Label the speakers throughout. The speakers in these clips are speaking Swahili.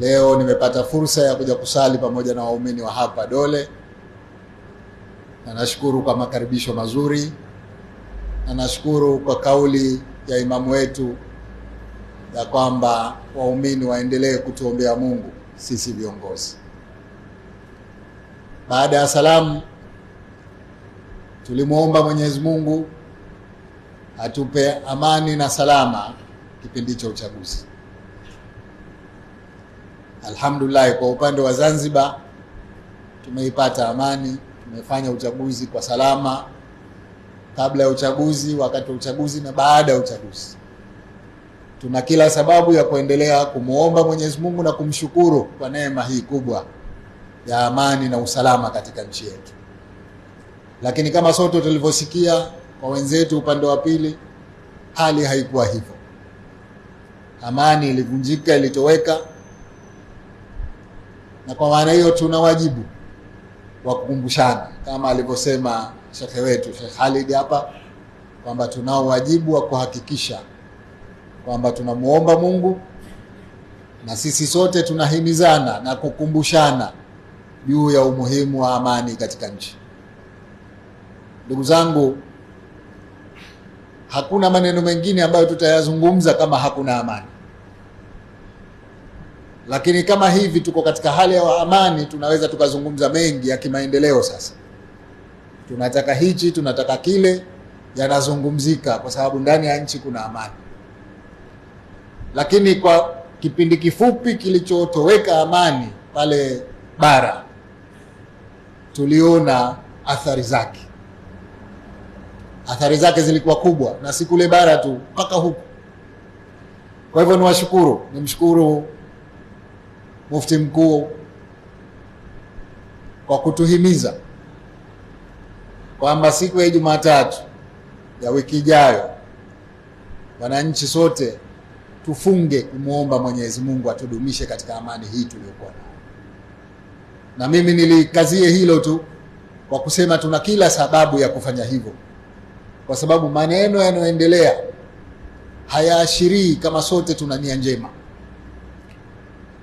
Speaker 1: Leo nimepata fursa ya kuja kusali pamoja na waumini wa hapa Dole, na nashukuru kwa makaribisho mazuri, na nashukuru kwa kauli ya imamu wetu ya kwamba waumini waendelee kutuombea Mungu sisi viongozi. Baada ya salamu, tulimwomba Mwenyezi Mungu atupe amani na salama kipindi cha uchaguzi. Alhamdulillah, kwa upande wa Zanzibar tumeipata amani, tumefanya uchaguzi kwa salama, kabla ya uchaguzi, wakati wa uchaguzi na baada ya uchaguzi. Tuna kila sababu ya kuendelea kumwomba Mwenyezi Mungu na kumshukuru kwa neema hii kubwa ya amani na usalama katika nchi yetu. Lakini kama sote tulivyosikia kwa wenzetu upande wa pili, hali haikuwa hivyo. Amani ilivunjika, ilitoweka na kwa maana hiyo tuna wajibu wa kukumbushana kama alivyosema shekhe wetu Sheikh Khalid hapa kwamba tunao wajibu wa kuhakikisha kwamba tunamwomba Mungu na sisi sote tunahimizana na kukumbushana juu ya umuhimu wa amani katika nchi. Ndugu zangu, hakuna maneno mengine ambayo tutayazungumza kama hakuna amani. Lakini kama hivi tuko katika hali ya amani, tunaweza tukazungumza mengi ya kimaendeleo. Sasa tunataka hichi, tunataka kile, yanazungumzika kwa sababu ndani ya nchi kuna amani. Lakini kwa kipindi kifupi kilichotoweka amani pale bara, tuliona athari zake. Athari zake zilikuwa kubwa, na si kule bara tu, mpaka huku. Kwa hivyo niwashukuru, nimshukuru Mufti Mkuu kwa kutuhimiza kwamba siku ya Jumatatu ya wiki ijayo, wananchi sote tufunge kumwomba Mwenyezi Mungu atudumishe katika amani hii tuliyokuwa nayo, na mimi nilikazie hilo tu kwa kusema tuna kila sababu ya kufanya hivyo, kwa sababu maneno yanayoendelea hayaashirii kama sote tuna nia njema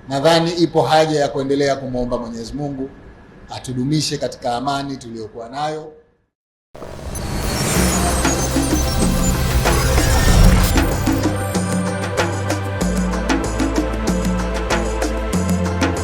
Speaker 1: nadhani ipo haja ya kuendelea kumwomba Mwenyezi Mungu atudumishe katika amani tuliyokuwa nayo.